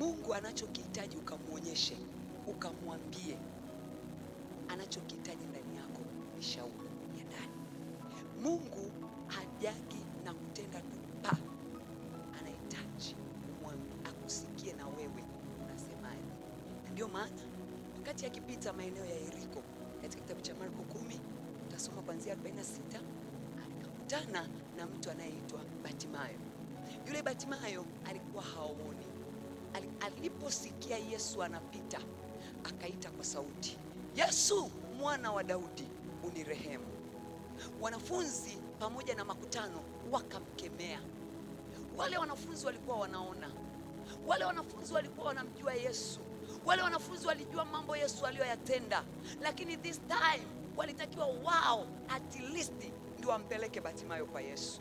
Mungu anachokihitaji ukamwonyeshe, ukamwambie anachokihitaji ndani yako ni shauku ya ndani. Mungu hajagi na kutenda tupa, anahitaji akusikie na wewe unasemaje. ndio maana wakati akipita maeneo ya Yeriko katika kitabu cha Marko kumi utasoma kuanzia 46 akakutana na mtu anayeitwa Batimayo. Yule Batimayo alikuwa haoni aliposikia Yesu anapita akaita kwa sauti, Yesu mwana wa Daudi unirehemu. Wanafunzi pamoja na makutano wakamkemea. Wale wanafunzi walikuwa wanaona, wale wanafunzi walikuwa wanamjua Yesu, wale wanafunzi walijua mambo Yesu aliyoyatenda, lakini this time walitakiwa wao at least ndio wampeleke Batimayo kwa Yesu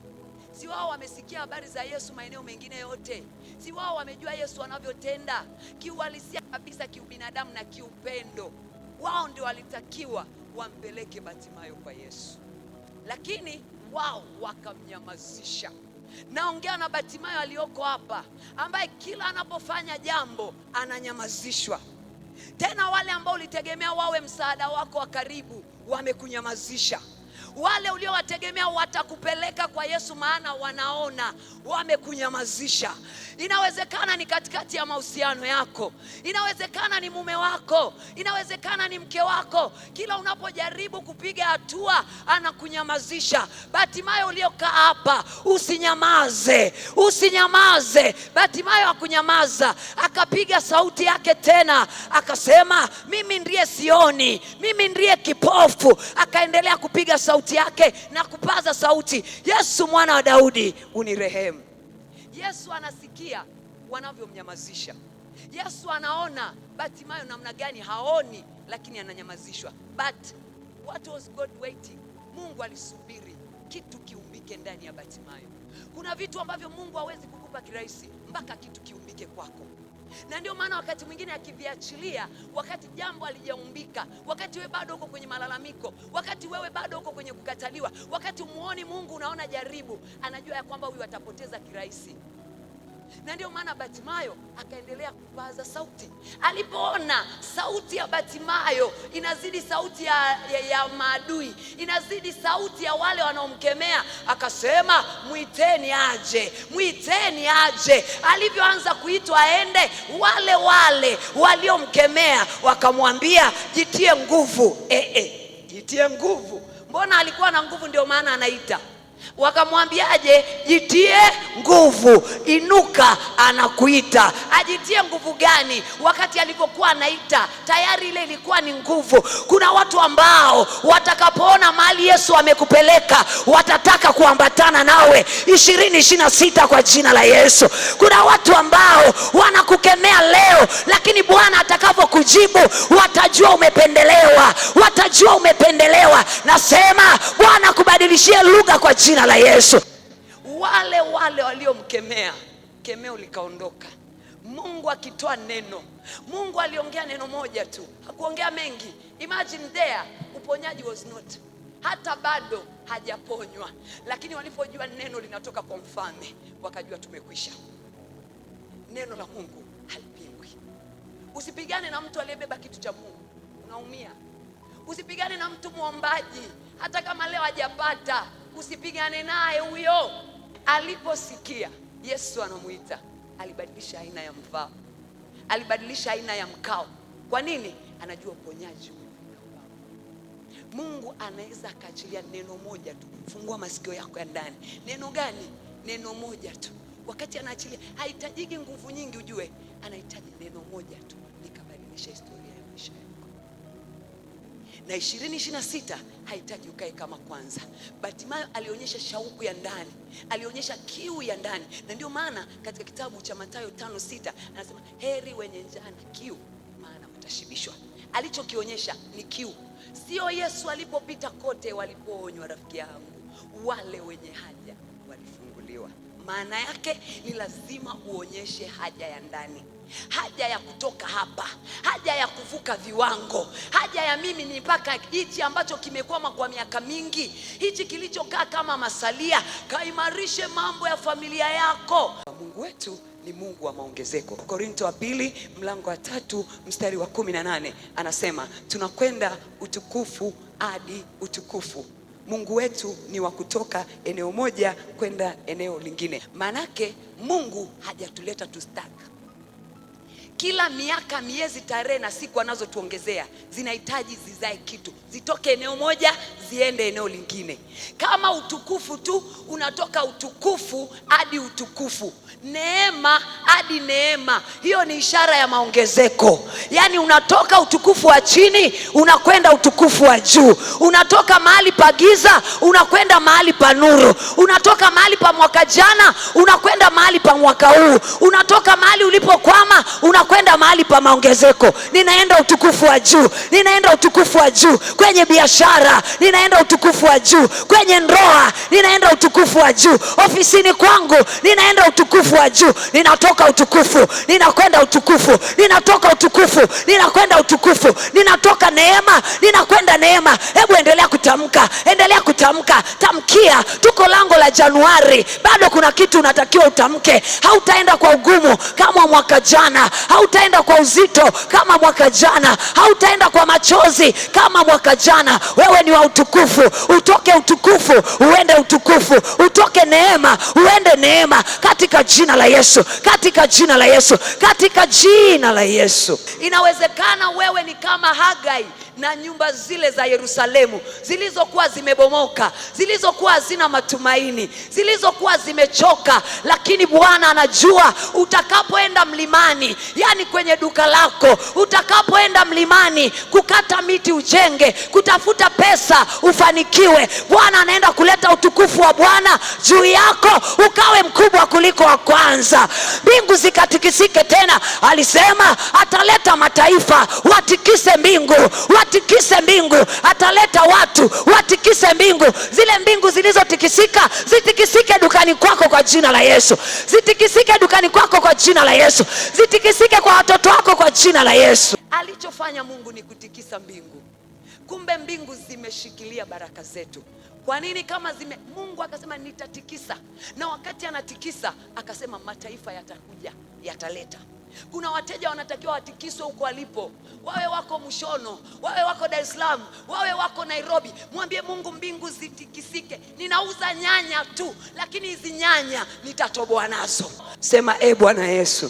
si wao wamesikia habari za Yesu maeneo mengine yote? Si wao wamejua Yesu anavyotenda kiuhalisia kabisa, kiubinadamu na kiupendo? Wao ndio walitakiwa wampeleke Batimayo kwa Yesu, lakini wao wakamnyamazisha. Naongea na Batimayo aliyoko hapa, ambaye kila anapofanya jambo ananyamazishwa. Tena wale ambao ulitegemea wawe msaada wako wa karibu wamekunyamazisha. Wale uliowategemea watakupeleka kwa Yesu, maana wanaona wamekunyamazisha. Inawezekana ni katikati ya mahusiano yako, inawezekana ni mume wako, inawezekana ni mke wako. Kila unapojaribu kupiga hatua anakunyamazisha. Batimayo uliokaa hapa, usinyamaze, usinyamaze. Batimayo akunyamaza, akapiga sauti yake tena, akasema mimi ndiye sioni, mimi ndiye kipofu. Akaendelea kupiga sauti sauti yake na kupaza sauti, Yesu mwana wa Daudi unirehemu. Yesu anasikia wanavyomnyamazisha. Yesu anaona batimayo namna gani haoni, lakini ananyamazishwa. But what was God waiting? Mungu alisubiri kitu kiumbike ndani ya batimayo Kuna vitu ambavyo Mungu hawezi kukupa kirahisi mpaka kitu kiumbike kwako na ndio maana wakati mwingine akiviachilia, wakati jambo alijaumbika, wakati wewe bado uko kwenye malalamiko, wakati wewe bado uko kwenye kukataliwa, wakati muoni Mungu, unaona jaribu, anajua ya kwamba huyu atapoteza kirahisi na ndio maana Batimayo akaendelea kupaza sauti. Alipoona sauti ya Batimayo inazidi sauti ya, ya, ya maadui inazidi sauti ya wale wanaomkemea, akasema mwiteni aje, mwiteni aje. Alivyoanza kuitwa aende, wale wale waliomkemea wakamwambia jitie nguvu. Eh, eh, jitie nguvu. Mbona alikuwa na nguvu? Ndio maana anaita Wakamwambiaje? Jitie nguvu, inuka, anakuita. Ajitie nguvu gani? Wakati alivyokuwa anaita tayari ile ilikuwa ni nguvu. Kuna watu ambao watakapoona mahali Yesu amekupeleka watataka kuambatana nawe ishirini ishirini na sita kwa jina la Yesu. Kuna watu ambao wanakukemea leo, lakini kujibu, watajua umependelewa, watajua umependelewa. Nasema Bwana kubadilishie lugha kwa jina la Yesu. Wale wale waliomkemea, kemeo likaondoka. Mungu akitoa neno, Mungu aliongea neno moja tu, hakuongea mengi. Imagine there, uponyaji was not hata bado hajaponywa, lakini walipojua neno linatoka kwa mfalme, wakajua tumekwisha. Neno la Mungu halipingwi. Usipigane na mtu aliyebeba kitu cha Mungu, unaumia. Usipigane na mtu mwombaji, hata kama leo hajapata, usipigane naye. Huyo aliposikia Yesu anamuita, alibadilisha aina ya mvao, alibadilisha aina ya mkao. Kwa nini? Anajua uponyaji Mungu anaweza akaachilia neno moja tu. Fungua masikio yako ya ndani. Neno gani? Neno moja tu. Wakati anaachilia, haitajiki nguvu nyingi, ujue anahitaji neno moja tu likabadilisha historia ya maisha yako. Na ishirini ishirini na sita hahitaji ukae kama kwanza. batimayo alionyesha shauku ya ndani, alionyesha kiu ya ndani, na ndio maana katika kitabu cha Mathayo tano sita anasema heri wenye njaa na kiu, maana watashibishwa. Alichokionyesha ni kiu. Sio Yesu alipopita kote walipoonywa, rafiki yangu, wale wenye haja maana yake ni lazima uonyeshe haja ya ndani, haja ya kutoka hapa, haja ya kuvuka viwango, haja ya mimi ni mpaka hichi ambacho kimekwama kwa miaka mingi, hichi kilichokaa kama masalia, kaimarishe mambo ya familia yako. Mungu wetu ni Mungu wa maongezeko. Korinto wa pili mlango wa tatu mstari wa kumi na nane anasema tunakwenda utukufu hadi utukufu. Mungu wetu ni wa kutoka eneo moja kwenda eneo lingine, maanake Mungu hajatuleta tustaki kila miaka, miezi, tarehe na siku anazotuongezea zinahitaji zizae kitu, zitoke eneo moja ziende eneo lingine. Kama utukufu tu, unatoka utukufu hadi utukufu, neema hadi neema. Hiyo ni ishara ya maongezeko, yaani unatoka utukufu wa chini unakwenda utukufu wa juu, unatoka mahali pa giza unakwenda mahali pa nuru, unatoka mahali pa mwaka jana unakwenda mahali pa mwaka huu, unatoka mahali ulipokwama una ninakwenda mahali pa maongezeko, ninaenda utukufu wa juu, ninaenda utukufu wa juu kwenye biashara, ninaenda utukufu wa juu kwenye ndoa, ninaenda utukufu wa juu ofisini kwangu, ninaenda utukufu wa juu, ninatoka utukufu, ninakwenda utukufu, ninatoka utukufu, ninakwenda utukufu, ninatoka neema, ninakwenda neema. Hebu endelea kutamka, endelea kutamka, tamkia. Tuko lango la Januari, bado kuna kitu unatakiwa utamke. Hautaenda kwa ugumu kama mwaka jana hautaenda kwa uzito kama mwaka jana, hautaenda kwa machozi kama mwaka jana. Wewe ni wa utukufu, utoke utukufu uende utukufu, utoke neema uende neema, katika jina la Yesu, katika jina la Yesu, katika jina la Yesu. Inawezekana wewe ni kama Hagai na nyumba zile za Yerusalemu zilizokuwa zimebomoka, zilizokuwa hazina matumaini, zilizokuwa zimechoka. Lakini Bwana anajua utakapoenda mlimani, yani kwenye duka lako, utakapoenda mlimani kukata miti ujenge, kutafuta pesa ufanikiwe, Bwana anaenda kuleta utukufu wa Bwana juu yako, ukawe mkubwa kuliko wa kwanza. Mbingu zikatikisike tena, alisema ataleta mataifa watikise mbingu wat atikise mbingu, ataleta watu watikise mbingu. Zile mbingu zilizotikisika zitikisike dukani kwako kwa jina la Yesu, zitikisike dukani kwako kwa jina la Yesu, zitikisike kwa watoto wako kwa jina la Yesu. Alichofanya Mungu ni kutikisa mbingu. Kumbe mbingu zimeshikilia baraka zetu. Kwa nini? Kama zime, Mungu akasema nitatikisa, na wakati anatikisa akasema mataifa yatakuja, yataleta kuna wateja wanatakiwa watikiswe huko walipo, wawe wako Mshono, wawe wako Dar es Salaam, wawe wako Nairobi. Mwambie Mungu, mbingu zitikisike. Ninauza nyanya tu, lakini hizi nyanya nitatoboa nazo. Sema e Bwana Yesu,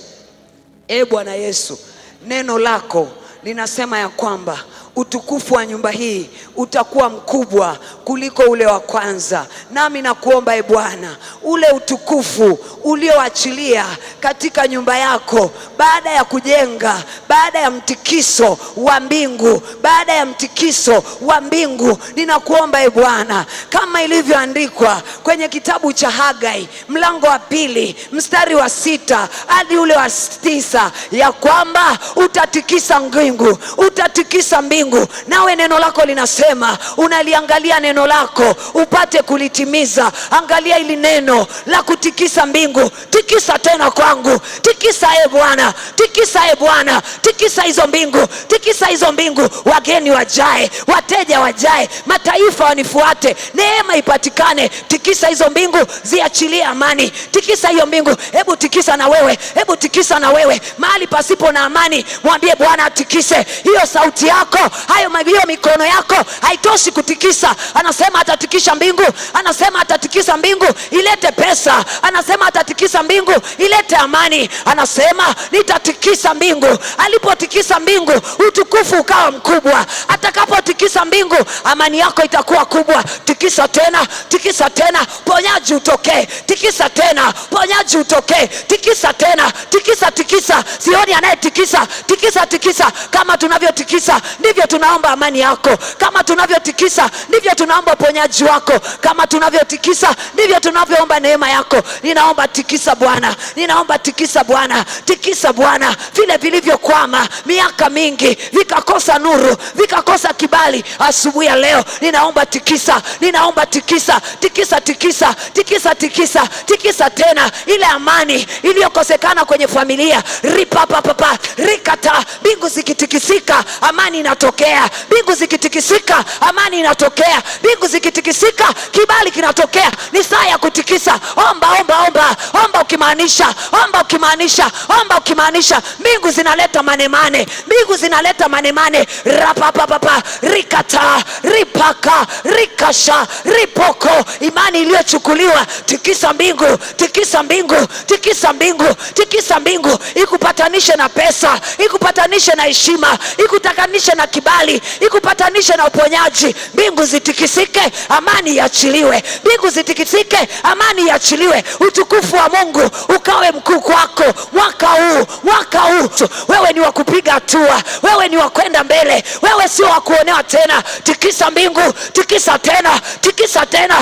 e Bwana Yesu, neno lako linasema ya kwamba utukufu wa nyumba hii utakuwa mkubwa kuliko ule wa kwanza. Nami nakuomba e Bwana, ule utukufu ulioachilia katika nyumba yako baada ya kujenga, baada ya mtikiso wa mbingu, baada ya mtikiso wa mbingu, ninakuomba e Bwana, kama ilivyoandikwa kwenye kitabu cha Hagai mlango wa pili mstari wa sita hadi ule wa tisa ya kwamba utatikisa mbingu, utatikisa mbingu mbingu, nawe neno lako linasema unaliangalia neno lako upate kulitimiza. Angalia hili neno la kutikisa mbingu, tikisa tena kwangu, tikisa e Bwana, tikisa e Bwana, tikisa hizo mbingu, tikisa hizo mbingu, wageni wajae, wateja wajae, mataifa wanifuate, neema ipatikane. Tikisa hizo mbingu, ziachilie amani, tikisa hiyo mbingu. Hebu tikisa na wewe, hebu tikisa na wewe, mahali pasipo na amani, mwambie Bwana atikise hiyo sauti yako hayo hiyo mikono yako haitoshi kutikisa. Anasema atatikisa mbingu, anasema atatikisa mbingu ilete pesa, anasema atatikisa mbingu ilete amani, anasema nitatikisa mbingu. Alipotikisa mbingu, utukufu ukawa mkubwa. Atakapotikisa mbingu, amani yako itakuwa kubwa. Tikisa tena, tikisa tena, ponyaji utokee, tikisa tena, ponyaji utokee, tikisa tena, tikisa, tikisa. Sioni anayetikisa, tikisa, tikisa, kama tunavyotikisa ndivyo ndivyo tunaomba amani yako. Kama tunavyotikisa ndivyo tunaomba uponyaji wako. Kama tunavyotikisa ndivyo tunavyoomba neema yako. Ninaomba tikisa Bwana, ninaomba tikisa Bwana, tikisa Bwana vile vilivyokwama miaka mingi vikakosa nuru, vikakosa kibali. Asubuhi ya leo ninaomba tikisa, ninaomba tikisa, tikisa, tikisa, tikisa, tikisa, tikisa tena ile amani iliyokosekana kwenye familia ripapapapa rikata, mbingu zikitikisika amani inato inatokea, mbingu zikitikisika amani inatokea, mbingu zikitikisika kibali kinatokea. Ni saa ya kutikisa. Omba, omba, omba, omba ukimaanisha, omba ukimaanisha, omba ukimaanisha. Mbingu zinaleta manemane, mbingu zinaleta manemane. Rapapapapa, rikata, ripaka, rikasha, ripoko. Imani iliyochukuliwa, tikisa mbingu, tikisa mbingu, tikisa mbingu, tikisa mbingu, ikupatanishe na pesa, ikupatanishe na heshima, ikutakanishe na kibali kibali ikupatanishe na uponyaji. Mbingu zitikisike, amani iachiliwe. Mbingu zitikisike, amani iachiliwe. Utukufu wa Mungu ukawe mkuu kwako mwaka huu, mwaka huu. Wewe ni wa kupiga hatua, wewe ni wa kwenda mbele, wewe sio wa kuonewa tena. Tikisa mbingu, tikisa tena, tikisa tena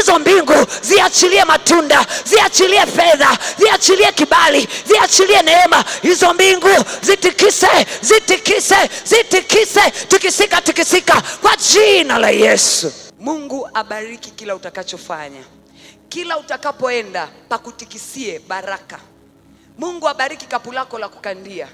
hizo mbingu ziachilie matunda, ziachilie fedha, ziachilie kibali, ziachilie neema. Hizo mbingu zitikise, zitikise, zitikise, tikisika, tikisika kwa jina la Yesu. Mungu abariki kila utakachofanya, kila utakapoenda, pakutikisie baraka. Mungu abariki kapu lako la kukandia.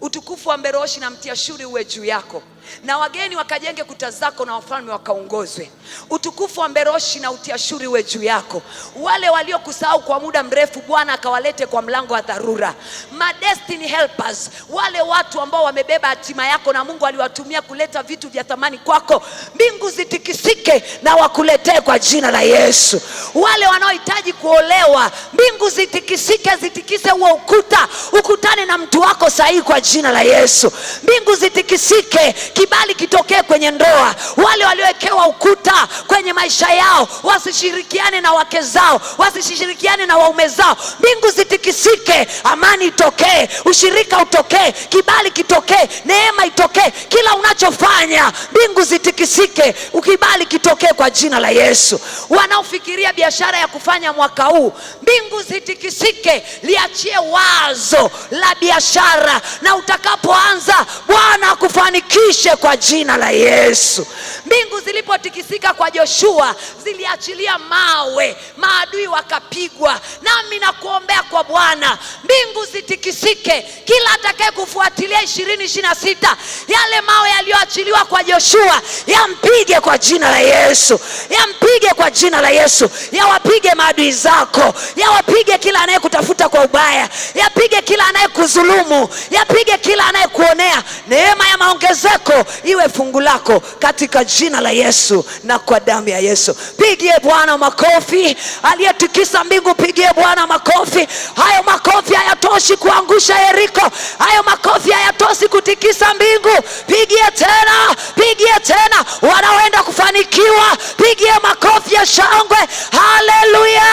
Utukufu wa Mberoshi na Mtiashuri uwe juu yako, na wageni wakajenge kuta zako, na wafalme wakaongozwe. Utukufu wa Mberoshi na Utiashuri uwe juu yako. Wale waliokusahau kwa muda mrefu, Bwana akawalete kwa mlango wa dharura. my destiny helpers, wale watu ambao wamebeba hatima yako na Mungu aliwatumia kuleta vitu vya thamani kwako, mbingu zitikisike na wakuletee kwa jina la Yesu. Wale wanaohitaji kuolewa, mbingu zitikisike, zitikise huo ukuta, ukutane na mtu wako sahihi kwa kwa jina la Yesu. Mbingu zitikisike, kibali kitokee kwenye ndoa. Wale waliowekewa ukuta kwenye maisha yao, wasishirikiane na wake zao, wasishirikiane na waume zao. Mbingu zitikisike, amani itokee, ushirika utokee, kibali kitokee, neema itokee kila unachofanya. Mbingu zitikisike, ukibali kitokee kwa jina la Yesu. Wanaofikiria biashara ya kufanya mwaka huu, mbingu zitikisike, liachie wazo la biashara na utakapoanza, Bwana akufanikishe kwa jina la Yesu. Mbingu zilipotikisika kwa Joshua, ziliachilia mawe, maadui wakapigwa. Nami nakuombea kwa Bwana, mbingu zitikisike, kila atakaye kufuatilia ishirini ishirini na sita, yale mawe yaliyoachiliwa kwa Joshua yampige kwa jina la Yesu, yampige kwa jina la Yesu, yawapige maadui zako, yawapige kila anayekutafuta kwa ubaya, yapige kila anayekudhulumu ya Mpige kila anayekuonea. Neema ya maongezeko iwe fungu lako katika jina la Yesu na kwa damu ya Yesu. Pigie Bwana makofi. Aliyetikisa mbingu, pigie Bwana makofi. Hayo makofi hayatoshi kuangusha Yeriko, hayo makofi hayatoshi kutikisa mbingu. Pigie tena, pigie tena, wanaoenda kufanikiwa, pigie makofi ya shangwe. Haleluya!